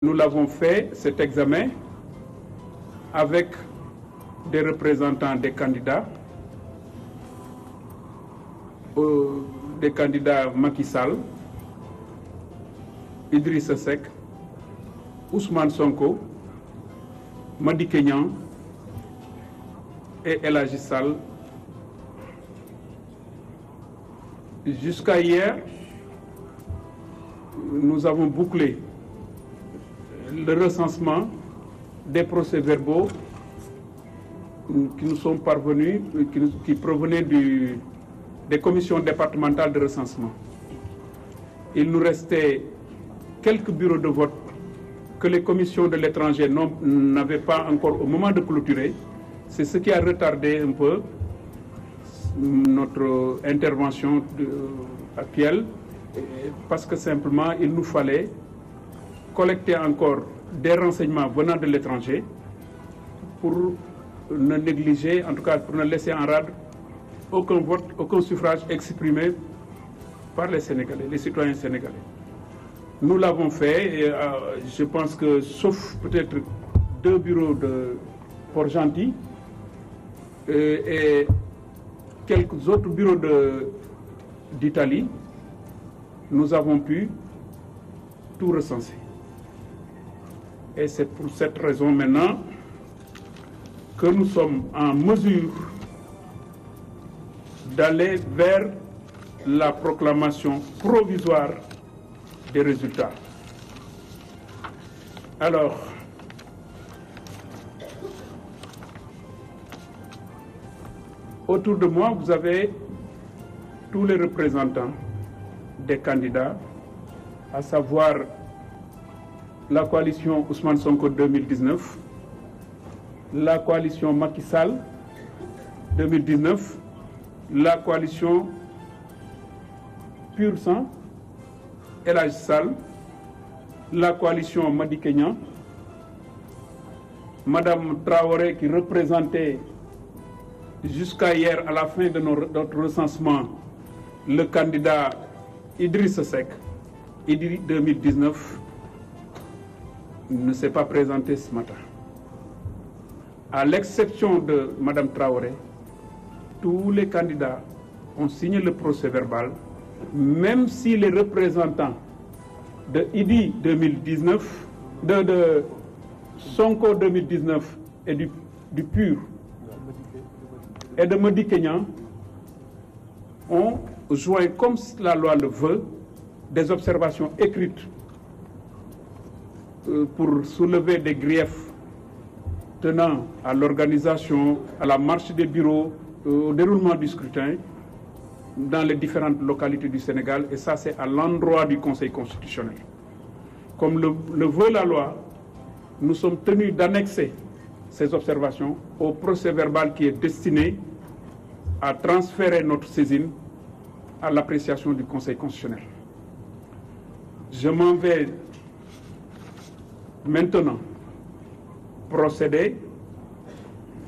Nous l'avons fait, cet examen, avec des représentants des candidats, euh, des candidats Macky Sall, Idriss Sek, Ousmane Sonko, Madi Kenyan et Elagisal. Jusqu'à hier, nous avons bouclé le recensement des procès-verbaux qui nous sont parvenus, qui, provenaient du, des commissions départementales de recensement. Il nous restait quelques bureaux de vote que les commissions de l'étranger n'avaient pas encore au moment de clôturer. C'est ce qui a retardé un peu notre intervention euh, actuelle, parce que simplement il nous fallait collecter encore des renseignements venant de l'étranger pour ne négliger, en tout cas pour ne laisser en rade aucun vote, aucun suffrage exprimé par les Sénégalais, les citoyens sénégalais. Nous l'avons fait et euh, je pense que, sauf peut-être deux bureaux de Port-Gentil euh, et quelques autres bureaux d'Italie, nous avons pu tout recenser. Et c'est pour cette raison maintenant que nous sommes en mesure d'aller vers la proclamation provisoire des résultats. Alors, autour de moi, vous avez tous les représentants des candidats, à savoir la coalition Ousmane Sonko 2019, la coalition Macky Sall 2019, la coalition Pur Sang, Elage Sall, la coalition Madi Kenyan, Madame Traoré qui représentait jusqu'à hier, à la fin de notre recensement, le candidat Idriss Sek, Idriss 2019, ne s'est pas présenté ce matin. À l'exception de Mme Traoré, tous les candidats ont signé le procès verbal, même si les représentants de IDI 2019, de, de Sonko 2019 et du, PUR et de Modi Kenyan ont joint, comme la loi le veut, des observations écrites euh, pour soulever des griefs tenant à l'organisation, à la marche des bureaux, euh, au déroulement du scrutin dans les différentes localités du Sénégal, et ça c'est à l'endroit du Conseil constitutionnel. Comme le, veut la loi, nous sommes tenus d'annexer ces observations au procès verbal qui est destiné à transférer notre saisine à l'appréciation du Conseil constitutionnel. Je m'en vais maintenant procéder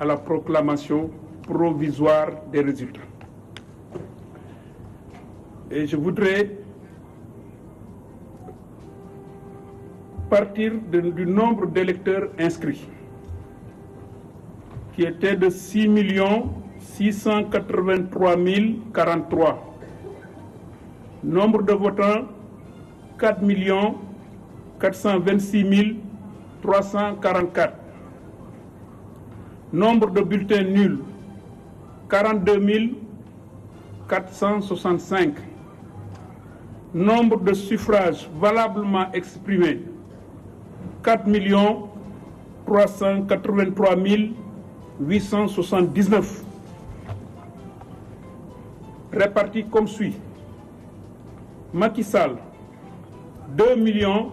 à la proclamation provisoire des résultats. Et je voudrais partir du nombre d'électeurs inscrits, qui était de 6 683 043. Nombre de votants, 4 millions 426 344. Nombre de bulletins nuls 42 465. Nombre de suffrages valablement exprimés 4 383 879. Répartis comme suit. Macky Sall 2 millions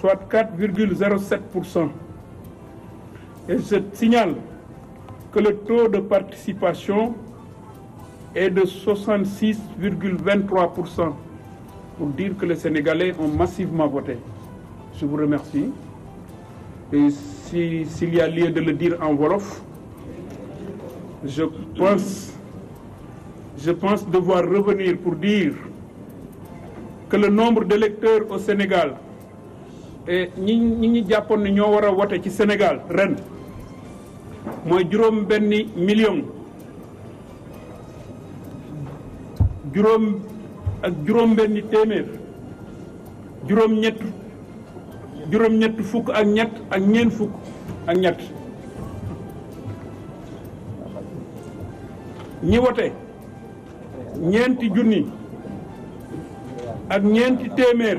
soit 4,07%. Et je signale que le taux de participation est de 66,23% pour dire que les Sénégalais ont massivement voté. Je vous remercie. Et s'il y a lieu de le dire en Wolof, je pense, je pense devoir revenir pour dire que le nombre d'électeurs au Sénégal E ñi ñi ñi jàppoon ne ñoo war a wote ci Sénégal ren mooy juróom benni million juróom ak juróom benni téeméer juróom ñett juróom ñett fukk ak ñett ak ñeent fukk ak ñett ñi wote ñeenti junni ak ñeenti téeméer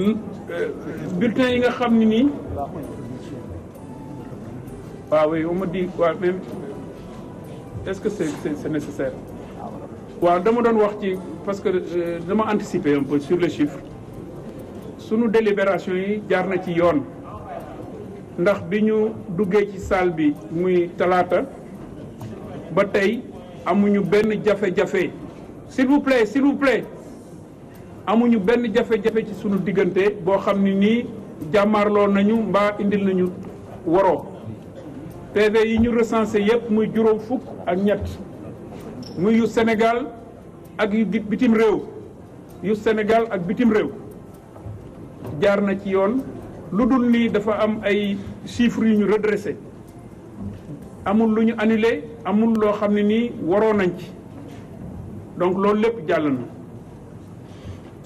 Euh, bulletin yi nga xam ni nii waaw ah oui on me dit même est-ce que c'est c'est nécessaire waaw dama doon wax ci parce que euh, dama anticiper un peu sur les chiffres sunu délibération yi jaar na ci yoon ndax bi ñu duggee ci salle bi muy talaata ba tey amuñu benn jafe-jafe s'il vous plaît s'il vous plaît amuñu benn jafe-jafe ci sunu diggante boo xam ne nii jàmmaarloo nañu mbaa indil nañu waroo PV yi ñu recensé yépp muy juróom fukk ak ñett muy yu Sénégal ak yu bitim réew yu senegal ak bitim réew jaar na ci yoon lu dul nii dafa am ay chiffres yu ñu redressé amul lu ñu annulé amul loo xam ne nii waroo nañ ci donc loolu lépp jàll na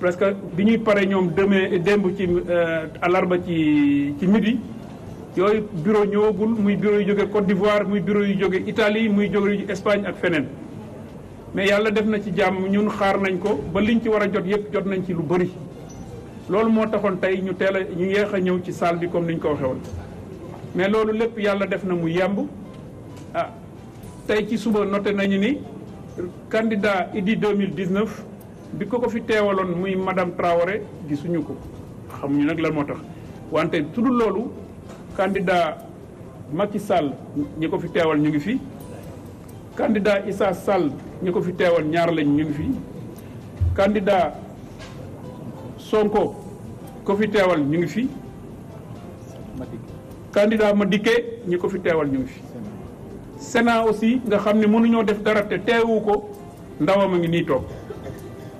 parce bi ñuy pare ñoom demee démb ci alarba euh, ci ci midi yooyu bureau ñëwagul muy bureau yu jóge Côte d'Ivoire muy bureau yu jóge Italie muy bureau yu Espagne ak feneen mais yàlla def na ci jàmm ñun xaar nañ ko ba liñ ci war a jot yëpp jot nañ ci lu bëri loolu moo taxoon tey ñu teel a ñu yeex a ñëw ci salle bi comme ni ko waxee woon mais loolu lépp yàlla def na mu yemb ah tey ci suba noté nañu ni candidat Idy 2019 bi ko ko fi teewaloon muy madame Traoré gisuñu ko xamuñu nag lan moo tax wante tudul loolu candidat Macky Sall ñi ko fi teewal ñu ngi fi candidat isa Sall ñi ko fi teewal ñaar lañ ñu ngi fi candidat Sonko ko fi teewal ñu ngi fi candidat Madické ñi ko fi teewal ñu ngi fi Sénat aussi nga xam ne mënuñoo def dara te teewu ko ndawam a ngi nii toog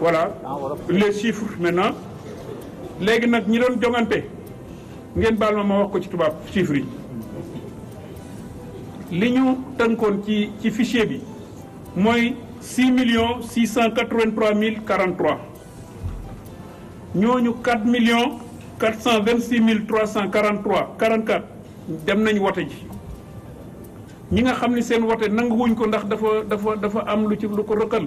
voilà les chiffres maintenant légui nak ñi doon jongante ngeen bal ma wax ko ci tubaab chiffres yi li ñu tënkoon ci ci fichier bi moy 6 millions 683 043, ñoñu 4 millions 426 343 44 dem nañ woté ji ñi nga xamni ni seen wote nanguwuñ ko ndax dafa dafa dafa am lu ci lu ko rëkkal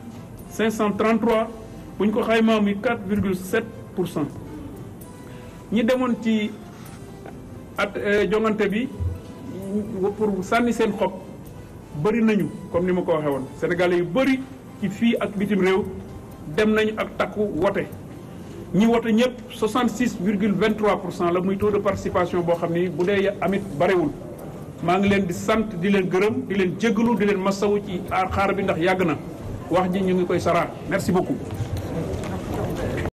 533 buñ ko Nous muy 4 ñi demone ci at euh, jongante bi pour sanni seen xob bari nañu comme ni ma ko sénégalais yu bari ci fii ak bitim réew dem nañu ak takku wote ñi wote ñëpp 66,23 taux de participation boo xam ni bu dee amit en maa ngi leen di sant di leen gërëm di wax ji ñu ngi koy saraat merci beaucoup